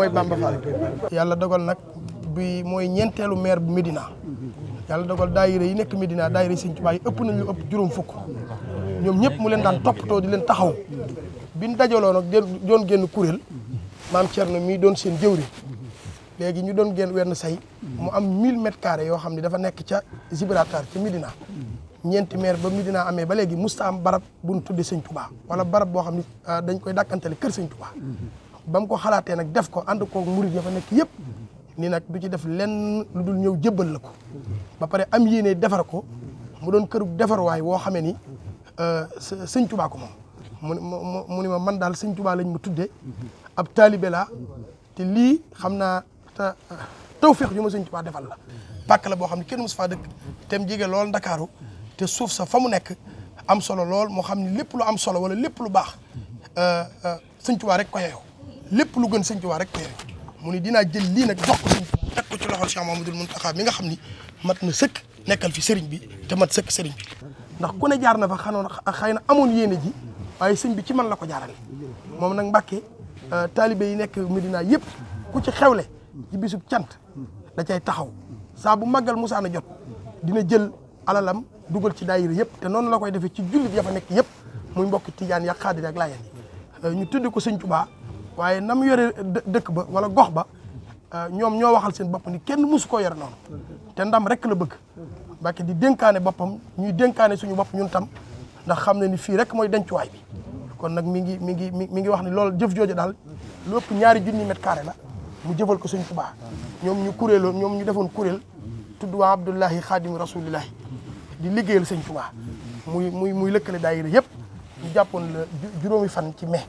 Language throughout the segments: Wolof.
mooy Bamba Fall yàlla dogal nag bi mooy ñeenteelu meer bu Médina yàlla dogal daayira yi nekk Médina daayira Sëñ Tuubaa yi ëpp nañu ëpp juróom fukk ñoom ñëpp mu leen daan toppatoo di leen taxaw bi ñu dajaloo nag doon génn kuréel maam Thierno mii doon seen jëwri léegi ñu doon génn wenn say mu am 1000 mètres yoo xam ne dafa nekk ca Gibraltar ca Médina ñeenti maire ba Médina amee ba léegi musta am barab bu ñu tuddee Sëñ Tuubaa wala barab boo xam ne ah, dañ koy dàkkantale kër Sëñ ba mu ko xalaatee nag def ko ànd koo murid ya nekk yëpp ni nag du ci def lenn lu dul ñëw jëbbal la ko ba pare am yéene defar ko mu doon kërug defarwaay woo xamee ni euh, sëñ Tuubaa ko moom mu ni ma man daal sëñ Tuubaa lañ ma tuddee ab taalibe laa te lii xam naa te tawféex yu ma sëñ Tuubaa defal la pàkk la boo xam ne kenn mosu faa dëkk te mu jege lool Ndakaaru te suuf sa fa mu nekk am solo lool moo xam ne lépp lu am solo wala lépp lu baax euh, euh, sëñ Tuubaa rek ko yeyoo lépp lu gën sëñ Tuubaa rek mu ni dinaa jël lii nag jox ko sëñ Tuubaa teg ko nga xam ni mat na sëkk nekkal fi sëriñ bi te mat sëkk sëriñ ndax ku jaar na fa xanoon xëy na amoon yéene ji waaye sëñ bi ci man la ko jaarale nag Mbàkke euh, taalibe yi nekk Medina yëpp ku ci xewle ci bisub cant da cay taxaw saa bu màggal musaana jot dina jël alalam dugal ci daayira yëpp te noonu la koy defee ci jullit fa nekk yëpp muy mbokki tijaan ya xaadir ak euh, ñu tudd ko sëñ baa waaye nam yore dëkk ba wala gox ba euh, ñoom ñoo waxal seen bopp ni kenn mësu koo yore noonu te ndam rek la bëgg Mbàkke di denkaane boppam ñuy dénkaane suñu bopp ñun tam ndax xam ne ni fii rek mooy dencuwaay bi kon nag mi ngi mi ngi mi ngi wax ni loolu jëf jooju daal lu ñaari junni mètre la mu jëfal ko Sëñ Tuubaa ñoom ñu kuréeloo ñoom ñu defoon kuréel tudd waa Abdullahi Xaadimu Rasulillahi di liggéeyal Sëñ Tuubaa muy muy muy lëkkale daayira yëpp ñu jàppoon le juróomi fan ci mai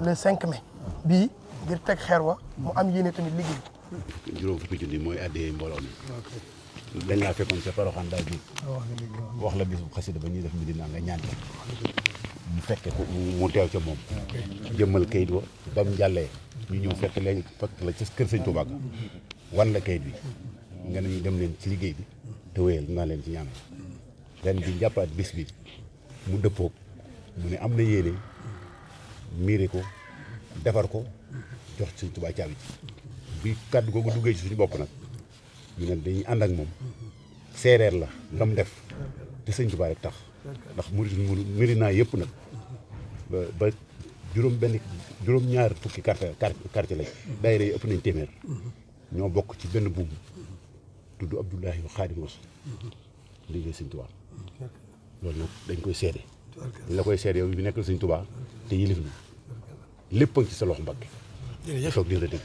le cinq mai bii ngir teg xeer wa mu am yéene tamit liggéey. juróom fukki junni mooy addee mbooloo mi. dañ laa fekkoon la bisu xasida def midi naa nga ñaan mu fekke ko teew ca moom. jëmmal kayit wa ba mu ñu ñëw fekk leen fekk la ca kër sëñ Tuubaa wan la kayit bi nga ne ñu dem leen ci liggéey bi te wéyal naa leen ci ñaan ren bi jàppaat bis bi mu dëppoog mu ne am na yéene miire ko. defar ko jox Sëñ Tuubaa caabi ji bi kàddu googu duggee ci suñu bopp nag ñu ne dañuy ànd ak moom seereer la lam def te Sëñ Tuubaa rek tax ndax murit murit naa yëpp nag ba juróom benn juróom ñaar fukki quartier quartier lañ daayira yi ëpp nañ téeméer ñoo bokk ci benn buum tudd Abdoulahi Xaadimu Rasuul liggéey Sëñ Tuubaa loolu nag dañ koy seede dañ la koy seede yow bi nekkal Sëñ Tuubaa yilif na lépp ci sa loxo Mbacke. jërëjëf soog di la dégg.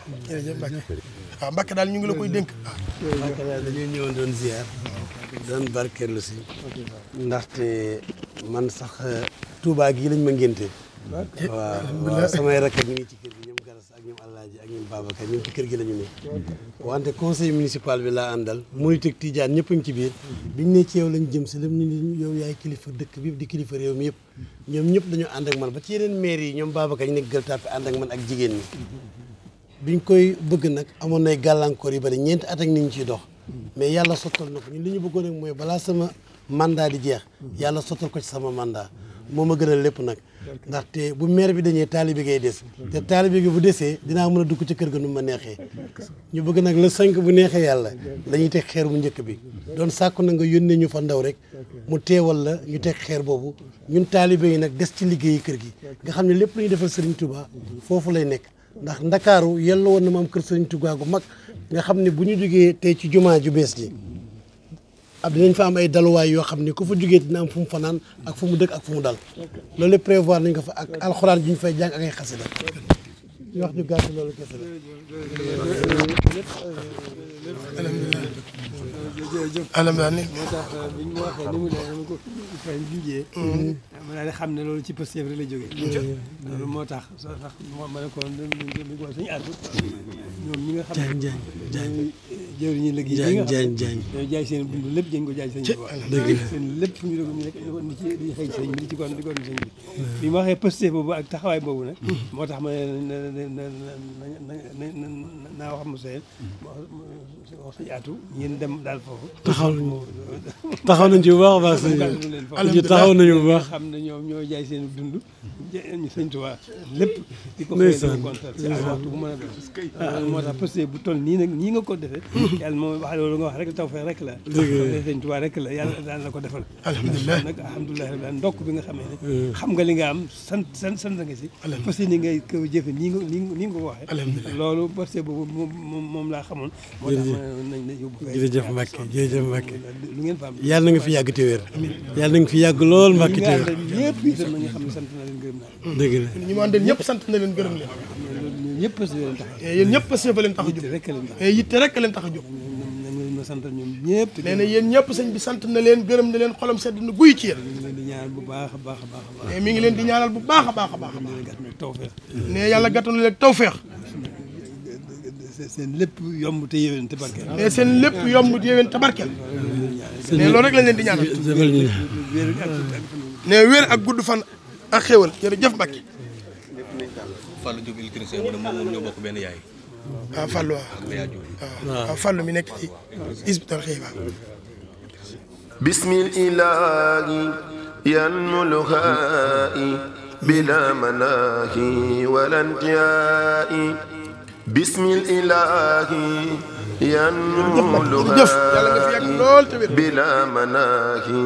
daal ñu ngi la koy dénk. Ah. Mbacke daal doon ziar. doon barkeelu si. ndaxte man sax Touba gi lañ ma ngénte. waaw samay rakk ñu ngi ci kër alaaji ak ñun Babacar ñun ci kër gi la ñu ne wante conseil municipal bi laa àndal muy teg Tijaan ñëpp ngi ci biir biñ ne ci yow lañ jëm si lam ni ni yow yaay kilifa dëkk bi di kilifa réew mi yëpp ñoom ñëpp dañu ànd ak man ba ci yeneen maire yi ñoom Babacar ñu nekk gëltaat ànd ak man ak jigéen ñi biñ koy bëgg nag amoon nay gàllankoor yu bari ñeenti at ak ni ñu ciy dox mais yàlla sottal na ko ñun li bëggoon nag mooy balaa sama mandat di jeex yàlla moo ma gënal lépp nag ndaxte bu meer bi dañee taalibe ngay des te taalibe gi bu desee dinaa mën a dugg ci kër ga nu ma neexee ñu bëgg nag le cinq bu neexee yàlla dañuy teg xeer bu njëkk bi doon sàkku na nga yónnee ñu fa ndaw rek mu teewal la ñu teg xeer boobu ñun taalibe yi nag des ci liggéeyi kër gi nga xam ne lépp lu ñu defal Serigne Touba foofu lay nekk ndax ndakaaru yelloo woon na ma am kër Serigne Touba gu mag nga xam ne bu ñu jógee tey ci jumaa ju bees ji ab dinañ fa am ay daluwaay yoo xam ni ku fa jógee dina am fu mu fanaan ak fu mu dëkk ak fu mu dal loolu lépp prévoir nañ ko fa ak alxuraan ji ñu fay jàng ak ay xasida ñu wax ñu gàtt loolu kese la. alhamdulilah. moo tax bi ñu waxee ni mu demee ko Ibrahima jugee. ma daal di xam ne loolu ci positif rek la jógee. loolu moo tax sax ma ne ko suñu àddu ñoom ñi nga xam jëwriñu liggéey bi nga xam ne jaay seen dund lépp jën ko jaay seen seen lépp ñu doon ñu nekk ci di xëy sëñ bi di ci kon di kon sëñ bi bi ma waxee posté boobu ak taxawaay boobu nag hmm. moo tax ma naa wax monsieur wax sëñ Atou ngeen dem daal foofu taxaw taxaw nañ ci bu baax baax sëñ taxaw nañu bu baax xam ne ñoom ñoo jaay seen dund ñu sëñ Tuubaa lépp di ko fay dañu bu mën a def ah, nga ko defee yàlla moom nga wax rek la sëñ Tuubaa rek la yàlla daan la ndokk bi nga xamee ne eh. nga li nga am sant sant sant nga si parce que ni ngay ko jëfe nii nga ko waxee loolu parce que boobu moom laa xamoon moo tax nañ la yóbbu jërëjëf Mbacke jërëjëf Mbacke lu na nga fi yàgg te wér na nga fi yàgg lool Mbacke te dëgg la ñi mu àndal ñëpp sant na leen gërëm leen. ñëpp parce que leen tax a jóg eh, yéen leen tax a jóg yitte rek leen tax a jóg eh, nee na yéen ñëpp sëñ bi sant na leen gërëm mi ngi leen di ñaanal bu baax a baax a a baax a baax tawfeex ne yàlla gàttal na leen tawfeex seen lépp yomb te yéwén te barkeel ne eh, seen lépp yomb te yéwén te barkeel ne loolu rek lañ leen di ñaanal ne wér ak gudd fan ak xéwal jërëjëf Mbacke. Fallou Diop électricien mu ne moom moom ñoo bokk benn yaay. waaw ah, Fallou waaw waaw ah, ah, Fallou mi nekk ci isbital xëy waaw. bismillahi yanmuluhaa'i bila manaahi wala intihaa'i bismillahi yanmuluhaa'i bila manaahi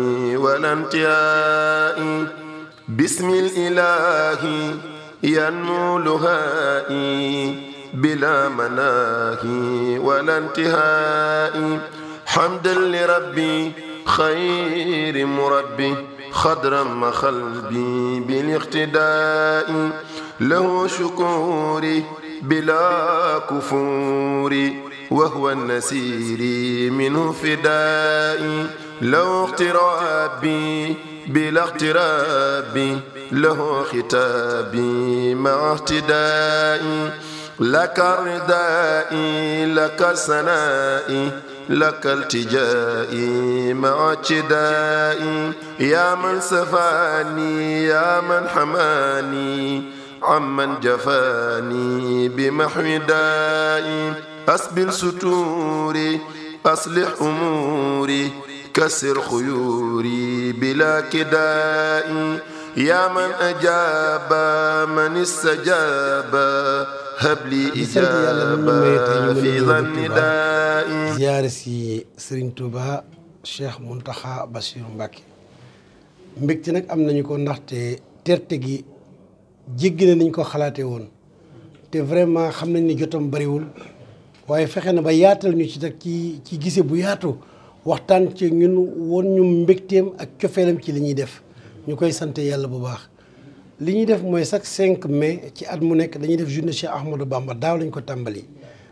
wala intihaa'i بسم الإله ينمو لهائي بلا مناهي ولا انتهاء حمدا لربي خير مربي خضرا قلبي بالاقتداء له شكوري بلا كفوري وهو النسير منه فدائي لو اقترابي بلا اقتراب له خطابي مع اهتدائي لك ردائي لك سنائي لك التجائي مع ابتدائي يا من سفاني يا من حماني عمن جفاني بمحو دائي أسبل ستوري أصلح أموري كسر خيوري بلا كدائي يا من أجاب من استجاب هب لي إجابة في ظن دائي زيارتي سرين توبا Cheikh Mountakha Bassirou Mbacké mbégte nag am nañu ko ndaxte terte gi jiggi na niñ ko xalaate woon te vraiment xam nañ ni jotam bariwul waaye fexe na ba yaatal ñu ci nag ci ci gise bu yaatu waxtaan ci ñun woon ñu mbégteem ak cofeelam ci li ñuy def ñu koy sant yàlla bu baax li ñuy def mooy chaque 5 mais ci at mu nekk dañuy def journée Cheikh Ahmadou Bamba daaw lañ ko tàmbali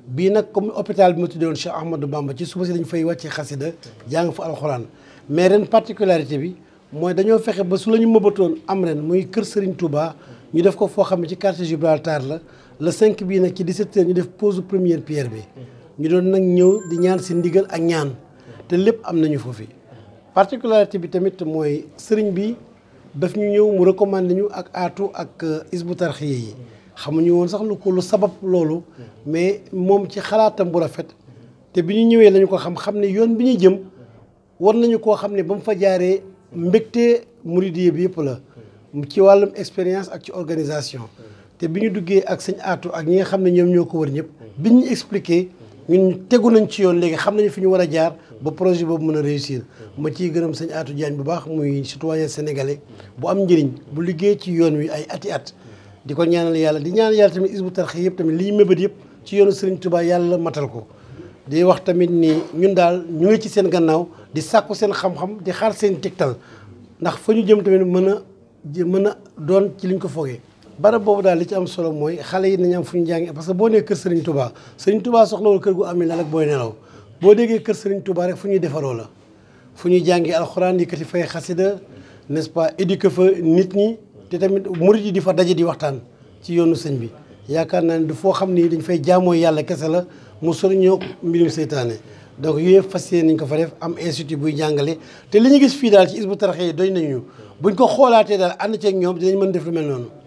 bii nag comme hôpital bi ma tuddee woon Cheikh Ahmadou Bamba ci suba si dañu fay wàcce xasida jàng fa alxuraan mais ren particularité bi mooy dañoo fexe ba su la ñu mëbatoon am ren muy kër Serigne Touba ñu def ko foo xam ne ci quartier Gibraltar la le cinq bii nag ci di h ñu def pose première pierre bi ñu doon nag ñëw di ñaan si ndigal ak ñaan te lépp am nañu foofu particularité bi tamit mooy sëriñ bi daf ñu ñëw mu recommandé ñu ak aatu ak euh, isbu tarxiye yi xamuñu woon sax lu ko lu sabab loolu mais moom ci xalaatam bu rafet te bi ñu ñëwee lañu ko xam xam ne yoon bi ñuy jëm war nañu koo xam ne ba mu fa jaaree mbégte muridiyé bi yëpp la ci wàllum expérience ak ci organisation te bi ñu duggee ak sëñ aatu ak ñi nga xam ne ñoom ñoo ko wër ñëpp bi ñu expliqué ñun tegu nañ ci yoon léegi xam nañu fi ñu war a jaar ba projet boobu mën a réussir ma ciy gërëm sëñ aatu Diagne bu baax muy citoyen sénégale bu am njëriñ bu liggéey ci yoon wi ay ati at di ko ñaanal yàlla di ñaanal yàlla tamit isbu tarxe yëpp tamit li ñu mébét yëpp ci yoonu Serigne Touba yàlla matal ko di wax tamit ni ñun daal ñu ngi ci seen gannaaw di sàkku seen xam di xaar seen tegtal ndax fa ñu jëm tamit mën a mën a doon ci liñ ko foogee barab boobu daal li ci am solo mooy xale yi nañu am fu ñu jàngee parce que boo nee kër Serigne Touba Serigne Touba soxlawul kër gu amee lal ak booy nelaw boo déggee kër Serigne Touba rek fu ñuy defaroo la fu ñuy jàngee alxuraan yëkkati fay xasida n'est-ce pas éduquer fa nit ñi te tamit murid yi di fa daje di waxtaan ci yoonu sëñ bi yaakaar naa ne du foo xam ni dañ fay jaamoo yàlla kese la mu sori ñoo mbirum seytaane donc yooyu yëpp fas yéene nañ ko fa def am institut buy jàngale te li ñu gis fii daal ci Hizbut Tarqiyyah yi buñ ko xoolaatee daal ànd ceeg ñoom dinañ mën def lu noonu